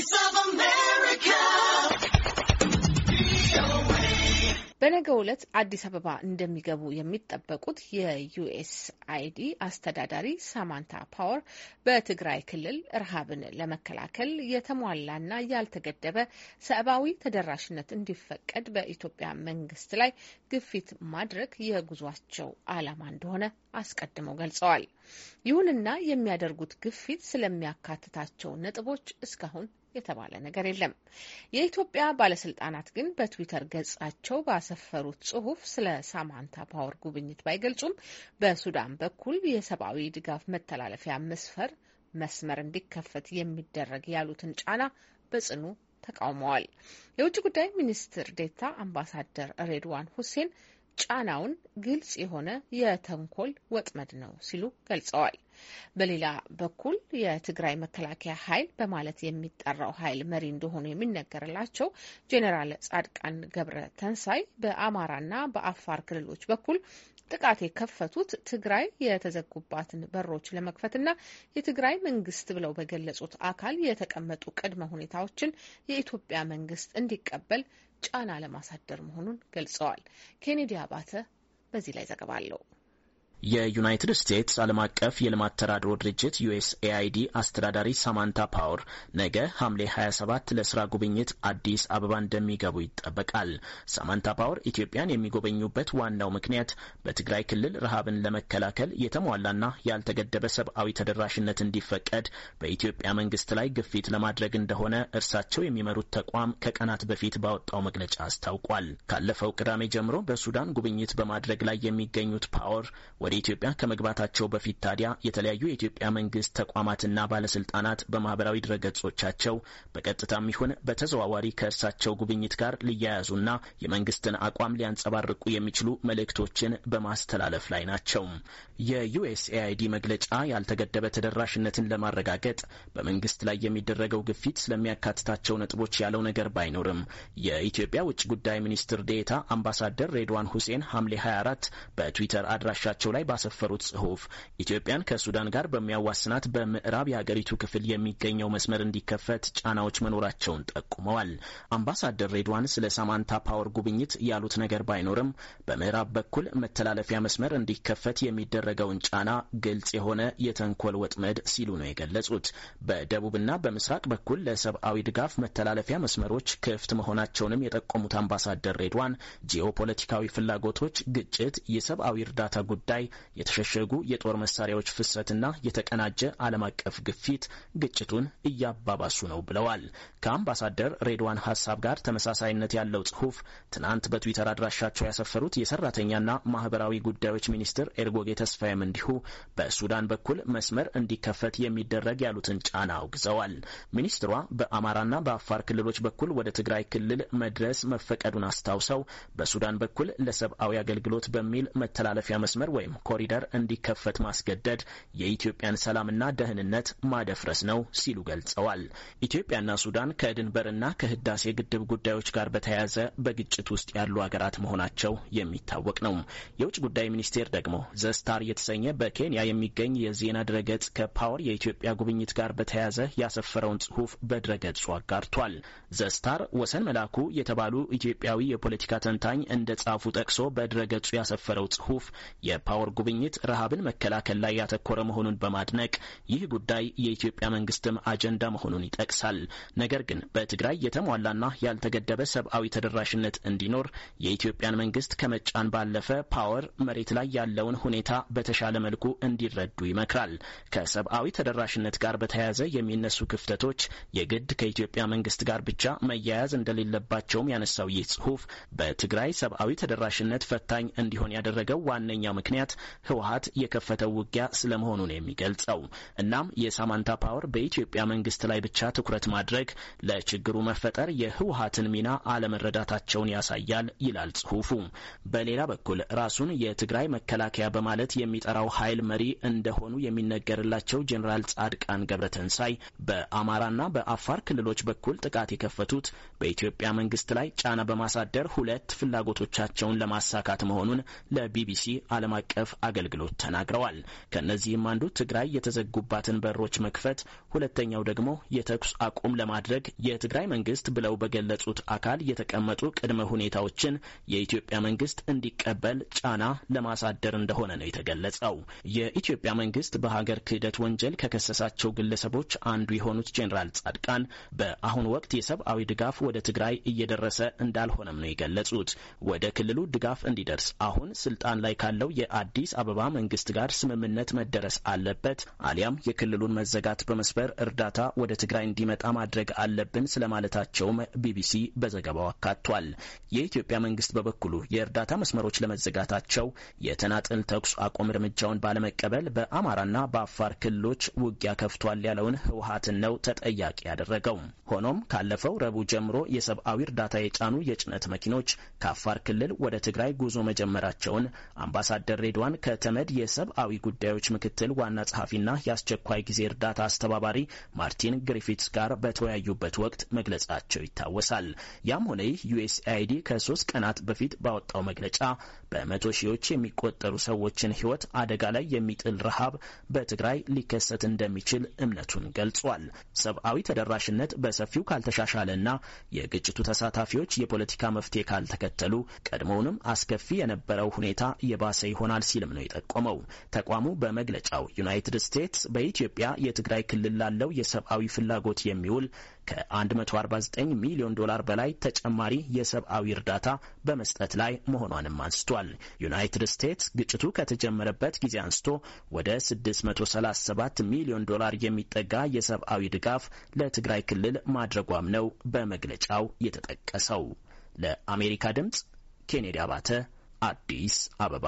Voice of America. በነገ ዕለት አዲስ አበባ እንደሚገቡ የሚጠበቁት የዩኤስ አይዲ አስተዳዳሪ ሳማንታ ፓወር በትግራይ ክልል ረሃብን ለመከላከል የተሟላና ያልተገደበ ሰብአዊ ተደራሽነት እንዲፈቀድ በኢትዮጵያ መንግስት ላይ ግፊት ማድረግ የጉዟቸው ዓላማ እንደሆነ አስቀድመው ገልጸዋል። ይሁንና የሚያደርጉት ግፊት ስለሚያካትታቸው ነጥቦች እስካሁን የተባለ ነገር የለም። የኢትዮጵያ ባለስልጣናት ግን በትዊተር ገጻቸው ባሰፈሩት ጽሁፍ ስለ ሳማንታ ፓወር ጉብኝት ባይገልጹም በሱዳን በኩል የሰብአዊ ድጋፍ መተላለፊያ መስፈር መስመር እንዲከፈት የሚደረግ ያሉትን ጫና በጽኑ ተቃውመዋል። የውጭ ጉዳይ ሚኒስትር ዴታ አምባሳደር ሬድዋን ሁሴን ጫናውን ግልጽ የሆነ የተንኮል ወጥመድ ነው ሲሉ ገልጸዋል። በሌላ በኩል የትግራይ መከላከያ ኃይል በማለት የሚጠራው ኃይል መሪ እንደሆኑ የሚነገርላቸው ጄኔራል ጻድቃን ገብረ ተንሳይ በአማራና በአፋር ክልሎች በኩል ጥቃት የከፈቱት ትግራይ የተዘጉባትን በሮች ለመክፈትና የትግራይ መንግስት ብለው በገለጹት አካል የተቀመጡ ቅድመ ሁኔታዎችን የኢትዮጵያ መንግስት እንዲቀበል ጫና ለማሳደር መሆኑን ገልጸዋል። ኬኔዲ አባተ በዚህ ላይ ዘገባ አለው። የዩናይትድ ስቴትስ ዓለም አቀፍ የልማት ተራድሮ ድርጅት ዩኤስኤአይዲ አስተዳዳሪ ሳማንታ ፓወር ነገ ሐምሌ 27 ለስራ ጉብኝት አዲስ አበባ እንደሚገቡ ይጠበቃል። ሳማንታ ፓወር ኢትዮጵያን የሚጎበኙበት ዋናው ምክንያት በትግራይ ክልል ረሃብን ለመከላከል የተሟላና ያልተገደበ ሰብአዊ ተደራሽነት እንዲፈቀድ በኢትዮጵያ መንግስት ላይ ግፊት ለማድረግ እንደሆነ እርሳቸው የሚመሩት ተቋም ከቀናት በፊት ባወጣው መግለጫ አስታውቋል። ካለፈው ቅዳሜ ጀምሮ በሱዳን ጉብኝት በማድረግ ላይ የሚገኙት ፓወር ወደ ኢትዮጵያ ከመግባታቸው በፊት ታዲያ የተለያዩ የኢትዮጵያ መንግስት ተቋማትና ባለስልጣናት በማህበራዊ ድረገጾቻቸው በቀጥታም ይሁን በተዘዋዋሪ ከእርሳቸው ጉብኝት ጋር ሊያያዙና የመንግስትን አቋም ሊያንጸባርቁ የሚችሉ መልእክቶችን በማስተላለፍ ላይ ናቸው። የዩኤስኤአይዲ መግለጫ ያልተገደበ ተደራሽነትን ለማረጋገጥ በመንግስት ላይ የሚደረገው ግፊት ስለሚያካትታቸው ነጥቦች ያለው ነገር ባይኖርም የኢትዮጵያ ውጭ ጉዳይ ሚኒስትር ዴታ አምባሳደር ሬድዋን ሁሴን ሐምሌ 24 በትዊተር አድራሻቸው ላይ ላይ ባሰፈሩት ጽሁፍ ኢትዮጵያን ከሱዳን ጋር በሚያዋስናት በምዕራብ የሀገሪቱ ክፍል የሚገኘው መስመር እንዲከፈት ጫናዎች መኖራቸውን ጠቁመዋል። አምባሳደር ሬድዋን ስለ ሳማንታ ፓወር ጉብኝት ያሉት ነገር ባይኖርም በምዕራብ በኩል መተላለፊያ መስመር እንዲከፈት የሚደረገውን ጫና ግልጽ የሆነ የተንኮል ወጥመድ ሲሉ ነው የገለጹት። በደቡብና በምስራቅ በኩል ለሰብአዊ ድጋፍ መተላለፊያ መስመሮች ክፍት መሆናቸውንም የጠቆሙት አምባሳደር ሬድዋን ጂኦፖለቲካዊ ፍላጎቶች፣ ግጭት፣ የሰብአዊ እርዳታ ጉዳይ የተሸሸጉ የጦር መሳሪያዎች ፍሰትና የተቀናጀ ዓለም አቀፍ ግፊት ግጭቱን እያባባሱ ነው ብለዋል። ከአምባሳደር ሬድዋን ሀሳብ ጋር ተመሳሳይነት ያለው ጽሁፍ ትናንት በትዊተር አድራሻቸው ያሰፈሩት የሰራተኛና ማህበራዊ ጉዳዮች ሚኒስትር ኤርጎጌ ተስፋዬም እንዲሁ በሱዳን በኩል መስመር እንዲከፈት የሚደረግ ያሉትን ጫና አውግዘዋል። ሚኒስትሯ በአማራና በአፋር ክልሎች በኩል ወደ ትግራይ ክልል መድረስ መፈቀዱን አስታውሰው በሱዳን በኩል ለሰብአዊ አገልግሎት በሚል መተላለፊያ መስመር ወይም ኮሪደር እንዲከፈት ማስገደድ የኢትዮጵያን ሰላምና ደህንነት ማደፍረስ ነው ሲሉ ገልጸዋል። ኢትዮጵያና ሱዳን ከድንበርና ከህዳሴ ግድብ ጉዳዮች ጋር በተያያዘ በግጭት ውስጥ ያሉ ሀገራት መሆናቸው የሚታወቅ ነው። የውጭ ጉዳይ ሚኒስቴር ደግሞ ዘስታር የተሰኘ በኬንያ የሚገኝ የዜና ድረገጽ ከፓወር የኢትዮጵያ ጉብኝት ጋር በተያያዘ ያሰፈረውን ጽሁፍ በድረገጹ አጋርቷል። ዘስታር ወሰን መላኩ የተባሉ ኢትዮጵያዊ የፖለቲካ ተንታኝ እንደ ጻፉ ጠቅሶ በድረገጹ ያሰፈረው ጽሁፍ የፓወር የዶላር ጉብኝት ረሃብን መከላከል ላይ ያተኮረ መሆኑን በማድነቅ ይህ ጉዳይ የኢትዮጵያ መንግስትም አጀንዳ መሆኑን ይጠቅሳል። ነገር ግን በትግራይ የተሟላና ያልተገደበ ሰብአዊ ተደራሽነት እንዲኖር የኢትዮጵያን መንግስት ከመጫን ባለፈ ፓወር መሬት ላይ ያለውን ሁኔታ በተሻለ መልኩ እንዲረዱ ይመክራል። ከሰብአዊ ተደራሽነት ጋር በተያያዘ የሚነሱ ክፍተቶች የግድ ከኢትዮጵያ መንግስት ጋር ብቻ መያያዝ እንደሌለባቸውም ያነሳው ይህ ጽሁፍ በትግራይ ሰብአዊ ተደራሽነት ፈታኝ እንዲሆን ያደረገው ዋነኛው ምክንያት ምክንያት ህወሀት የከፈተው ውጊያ ስለመሆኑ ነው የሚገልጸው። እናም የሳማንታ ፓወር በኢትዮጵያ መንግስት ላይ ብቻ ትኩረት ማድረግ ለችግሩ መፈጠር የህወሀትን ሚና አለመረዳታቸውን ያሳያል ይላል ጽሁፉ። በሌላ በኩል ራሱን የትግራይ መከላከያ በማለት የሚጠራው ኃይል መሪ እንደሆኑ የሚነገርላቸው ጄኔራል ጻድቃን ገብረተንሳይ በአማራና በአፋር ክልሎች በኩል ጥቃት የከፈቱት በኢትዮጵያ መንግስት ላይ ጫና በማሳደር ሁለት ፍላጎቶቻቸውን ለማሳካት መሆኑን ለቢቢሲ ዓለም አቀፍ አቀፍ አገልግሎት ተናግረዋል። ከእነዚህም አንዱ ትግራይ የተዘጉባትን በሮች መክፈት፣ ሁለተኛው ደግሞ የተኩስ አቁም ለማድረግ የትግራይ መንግስት ብለው በገለጹት አካል የተቀመጡ ቅድመ ሁኔታዎችን የኢትዮጵያ መንግስት እንዲቀበል ጫና ለማሳደር እንደሆነ ነው የተገለጸው። የኢትዮጵያ መንግስት በሀገር ክህደት ወንጀል ከከሰሳቸው ግለሰቦች አንዱ የሆኑት ጄኔራል ጻድቃን በአሁኑ ወቅት የሰብአዊ ድጋፍ ወደ ትግራይ እየደረሰ እንዳልሆነም ነው የገለጹት። ወደ ክልሉ ድጋፍ እንዲደርስ አሁን ስልጣን ላይ ካለው የአ ከአዲስ አበባ መንግስት ጋር ስምምነት መደረስ አለበት፣ አሊያም የክልሉን መዘጋት በመስበር እርዳታ ወደ ትግራይ እንዲመጣ ማድረግ አለብን ስለማለታቸውም ቢቢሲ በዘገባው አካቷል። የኢትዮጵያ መንግስት በበኩሉ የእርዳታ መስመሮች ለመዘጋታቸው የተናጥል ተኩስ አቁም እርምጃውን ባለመቀበል በአማራና በአፋር ክልሎች ውጊያ ከፍቷል ያለውን ህወሀትን ነው ተጠያቂ ያደረገው። ሆኖም ካለፈው ረቡዕ ጀምሮ የሰብአዊ እርዳታ የጫኑ የጭነት መኪኖች ከአፋር ክልል ወደ ትግራይ ጉዞ መጀመራቸውን አምባሳደር ሬዶ ሬድዋን ከተመድ የሰብአዊ ጉዳዮች ምክትል ዋና ጸሐፊና የአስቸኳይ ጊዜ እርዳታ አስተባባሪ ማርቲን ግሪፊትስ ጋር በተወያዩበት ወቅት መግለጻቸው ይታወሳል። ያም ሆነ ይህ ዩኤስአይዲ ከሶስት ቀናት በፊት ባወጣው መግለጫ በመቶ ሺዎች የሚቆጠሩ ሰዎችን ሕይወት አደጋ ላይ የሚጥል ረሃብ በትግራይ ሊከሰት እንደሚችል እምነቱን ገልጿል። ሰብአዊ ተደራሽነት በሰፊው ካልተሻሻለና የግጭቱ ተሳታፊዎች የፖለቲካ መፍትሄ ካልተከተሉ ቀድሞውንም አስከፊ የነበረው ሁኔታ የባሰ ይሆናል ሲልም ነው የጠቆመው። ተቋሙ በመግለጫው ዩናይትድ ስቴትስ በኢትዮጵያ የትግራይ ክልል ላለው የሰብአዊ ፍላጎት የሚውል ከ149 ሚሊዮን ዶላር በላይ ተጨማሪ የሰብአዊ እርዳታ በመስጠት ላይ መሆኗንም አንስቷል። ዩናይትድ ስቴትስ ግጭቱ ከተጀመረበት ጊዜ አንስቶ ወደ 637 ሚሊዮን ዶላር የሚጠጋ የሰብአዊ ድጋፍ ለትግራይ ክልል ማድረጓም ነው በመግለጫው የተጠቀሰው። ለአሜሪካ ድምፅ ኬኔዲ አባተ አዲስ አበባ